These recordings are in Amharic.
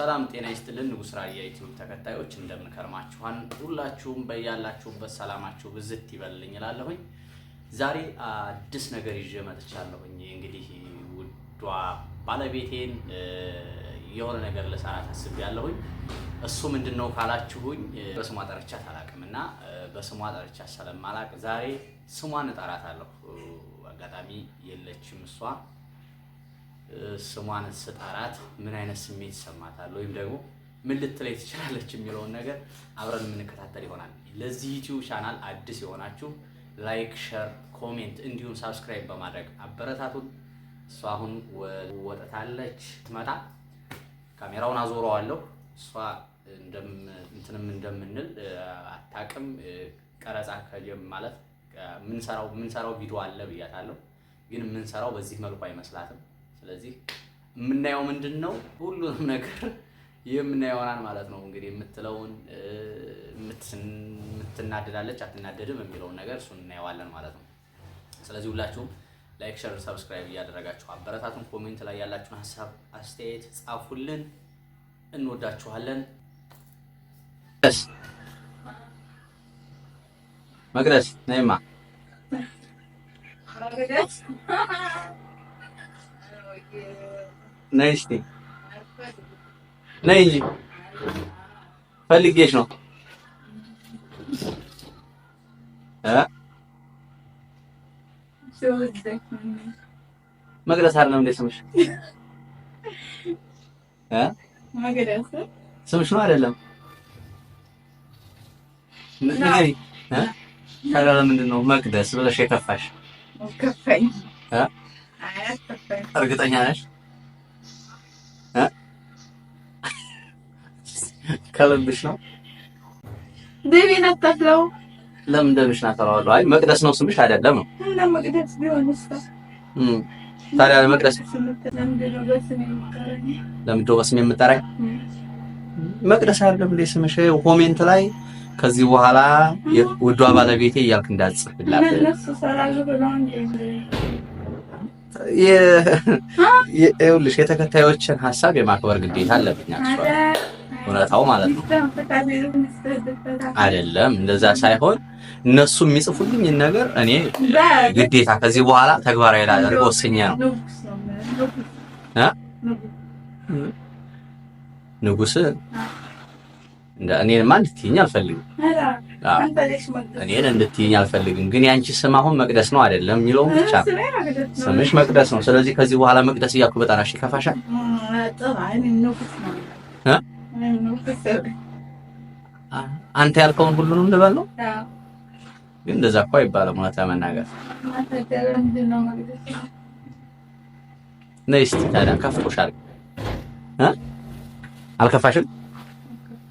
ሰላም ጤና ይስጥልን። ንጉስ ራያ ዩቲዩብ ተከታዮች እንደምንከርማችኋን ሁላችሁም በያላችሁበት ሰላማችሁ ብዝት ይበልልኝ እላለሁኝ። ዛሬ አዲስ ነገር ይዤ መጥቻለሁኝ። እንግዲህ ውዷ ባለቤቴን የሆነ ነገር ልሰራ ታስቤያለሁኝ። እሱ ምንድን ነው ካላችሁኝ በስሟ ጠርቻት አላቅም እና በስሟ ጠርቻት ስለማላቅ ዛሬ ስሟን እጠራታለሁ። አጋጣሚ የለችም እሷ ስሟን ስጠራት ምን አይነት ስሜት ይሰማታል ወይም ደግሞ ምን ልትለይ ትችላለች የሚለውን ነገር አብረን የምንከታተል ይሆናል። ለዚህ ዩቲዩብ ቻናል አዲስ የሆናችሁ ላይክ፣ ሸር፣ ኮሜንት እንዲሁም ሳብስክራይብ በማድረግ አበረታቱን። እሷ አሁን ወጥታለች። ትመጣ ካሜራውን አዞረዋለሁ። እሷ እንትንም እንደምንል አታቅም። ቀረጻ ከጀም ማለት ምንሰራው ቪዲዮ አለ ብያታለሁ፣ ግን የምንሰራው በዚህ መልኩ አይመስላትም። ስለዚህ የምናየው ምንድን ነው? ሁሉንም ነገር የምናየውናን ማለት ነው። እንግዲህ የምትለውን የምትናደዳለች አትናደድም የሚለውን ነገር እሱን እናየዋለን ማለት ነው። ስለዚህ ሁላችሁም ላይክ፣ ሸር፣ ሰብስክራይብ እያደረጋችሁ አበረታቱን። ኮሜንት ላይ ያላችሁን ሀሳብ አስተያየት ጻፉልን። እንወዳችኋለን። መቅደስ ነይማ ነይ እስኪ ነይ እንጂ ፈልጌሽ ነው እ መቅደስ አይደለም እንደ ስምሽ እ መቅደስ ስምሽ ነው አይደለም ነይ ምንድን ነው መቅደስ ብለሽ የከፋሽ ከፋኝ እ እርግጠኛ ነሽ? ከልብሽ ነው? ደቤን አታፍለው። ለምን ደብሽ አፈራዋለሁ? አይ መቅደስ ነው ስምሽ አይደለም ነው። መቅደስ ቢሆን ታዲያ ለመቅደስ ለምንድነው በስሜ የምጠራኝ? መቅደስ አይደለም እንደ ስምሽ ኮሜንት ላይ ከዚህ በኋላ ውዷ ባለቤቴ እያልክ እንዳጽፍላት ይኸውልሽ የተከታዮችን ሀሳብ የማክበር ግዴታ አለብኝ። እውነታው ማለት ነው አይደለም፣ እንደዛ ሳይሆን እነሱ የሚጽፉልኝ ነገር እኔ ግዴታ ከዚህ በኋላ ተግባራዊ ላደርግ ወስኜ ነው። ንጉስ እኔንማ እንድትይኝ አልፈልግም። እኔን እንድትይኝ አልፈልግም። ግን ያንቺ ስም አሁን መቅደስ ነው አይደለም የሚለውም ብቻ ስምሽ መቅደስ ነው። ስለዚህ ከዚህ በኋላ መቅደስ እያልኩ በጣም እሺ ይከፋሻል። አንተ ያልከውን ሁሉንም ልበል ነው። ግን እንደዛ እኮ አይባልም። እውነት ለመናገር ነይ እስኪ ታዲያ ከፍቶሻል። አልከፋሽም?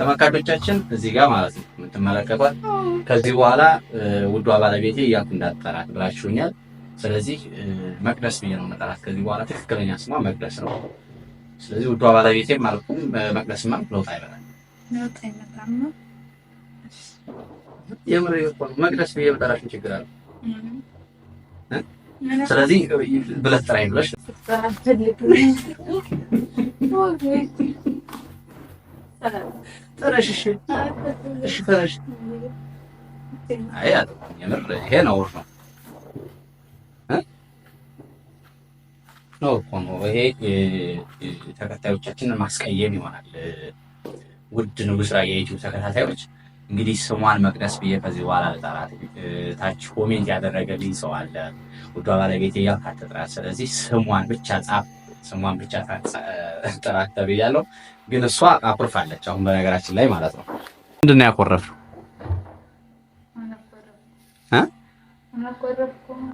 ተመልካቾቻችን እዚህ ጋር ማለት ነው የምትመለከቷት። ከዚህ በኋላ ውዷ ባለቤቴ እያልኩ እንዳጠራት ብላችሁኛል። ስለዚህ መቅደስ ብዬ ነው መጠራት። ከዚህ በኋላ ትክክለኛ ስሟ መቅደስ ነው። ስለዚህ ውዷ ባለቤቴ አልኩም መቅደስ ማ አይመጣም፣ ለውጥ አይመጣም የምር መቅደስ ብዬ መጠራሽ ችግር አለ። ስለዚህ ብለህ ጥራኝ ብለሽ ተነሽ እሺ፣ ይሄ ነውር ነው ነው እኮ ነው። ይሄ ተከታዮቻችንን ማስቀየም ይሆናል። ውድ የዩቲዩብ ተከታታዮች እንግዲህ ስሟን መቅደስ ብዬ ከዚህ በኋላ ልጠራት ታች ኮሜንት ያደረገልኝ ሰው አለ። ውዷ ስለዚህ ስሟን ብቻ ጻፍ ስሟን ብቻ ጥራት ተብያለሁ፣ ግን እሷ አኩርፋለች። አሁን በነገራችን ላይ ማለት ነው ምንድን ነው ያኮረፍነው?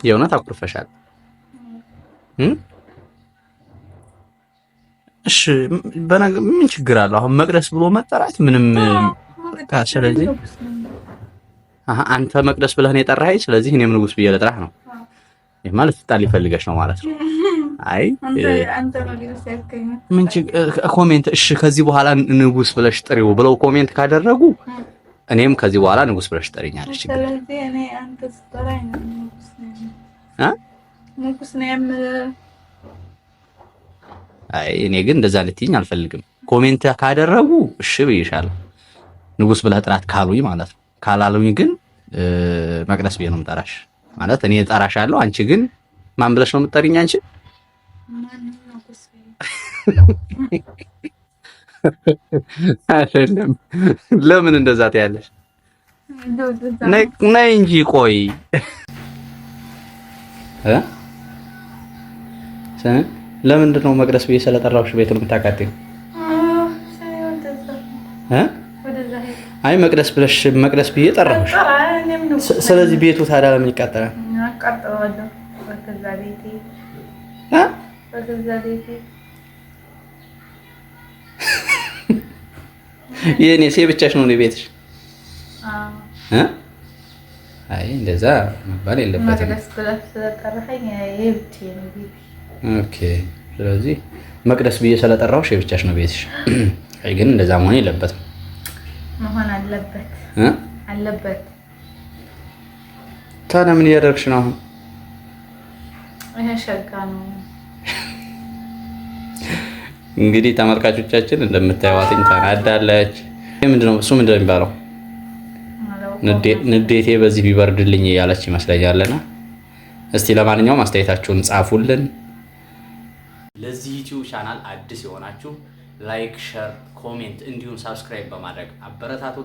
የእውነት አኩርፈሻል። እሺ ምን ችግር አለው? አሁን መቅደስ ብሎ መጠራት ምንም ስለዚህ አንተ መቅደስ ብለህ ነው የጠራኸኝ። ስለዚህ እኔም ንጉስ ብዬ ልጥራህ ነው ማለት ጣል ይፈልገሽ ነው ማለት ነው። አይ ምን ኮሜንት እሺ፣ ከዚህ በኋላ ንጉስ ብለሽ ጥሪው ብለው ኮሜንት ካደረጉ እኔም ከዚህ በኋላ ንጉስ ብለሽ ጥሪኛለሽ። ችግር አይ እኔ ግን እንደዛ ልትይኝ አልፈልግም። ኮሜንት ካደረጉ እሺ ብዬሻለሁ፣ ንጉስ ብለህ ጥራት ካሉኝ ማለት ነው። ካላሉኝ ግን መቅደስ ብዬ ነው የምጠራሽ ማለት እኔ እጠራሻለሁ። አንቺ ግን ማን ብለሽ ነው የምትጠሪኝ አንቺ? አይደለም። ለምን እንደዛ ትያለሽ? ነይ እንጂ ቆይ እ ለምንድን ነው መቅደስ ብዬ ስለጠራሁሽ ቤት የምታቃጥይው? አይ መቅደስ ብለሽ መቅደስ ብዬ ጠራሁሽ። ስለዚህ ቤቱ ታዲያ ለምን ይቃጠላል? በገዛ ሴ ብቻሽ ነው ነው ቤትሽ? አይ እንደዛ መባል የለበትም። ስለዚህ መቅደስ ብዬ ስለጠራሁሽ የብቻሽ ነው ቤትሽ። አይ ግን እንደዛ መሆን የለበትም። መሆን አለበት አለበት። ታዲያ ምን እያደረግሽ ነው አሁን? ይሄ ሸጋ ነው እንግዲህ ተመልካቾቻችን እንደምታዩዋትኝ ተናዳለች። ምንድነው እሱ ምንድነው የሚባለው? ንዴቴ በዚህ ቢበርድልኝ እያለች ይመስለኛልና እስቲ ለማንኛውም አስተያየታችሁን ጻፉልን። ለዚህ ዩቲዩብ ቻናል አዲስ የሆናችሁ ላይክ፣ ሸር፣ ኮሜንት እንዲሁም ሳብስክራይብ በማድረግ አበረታቱ።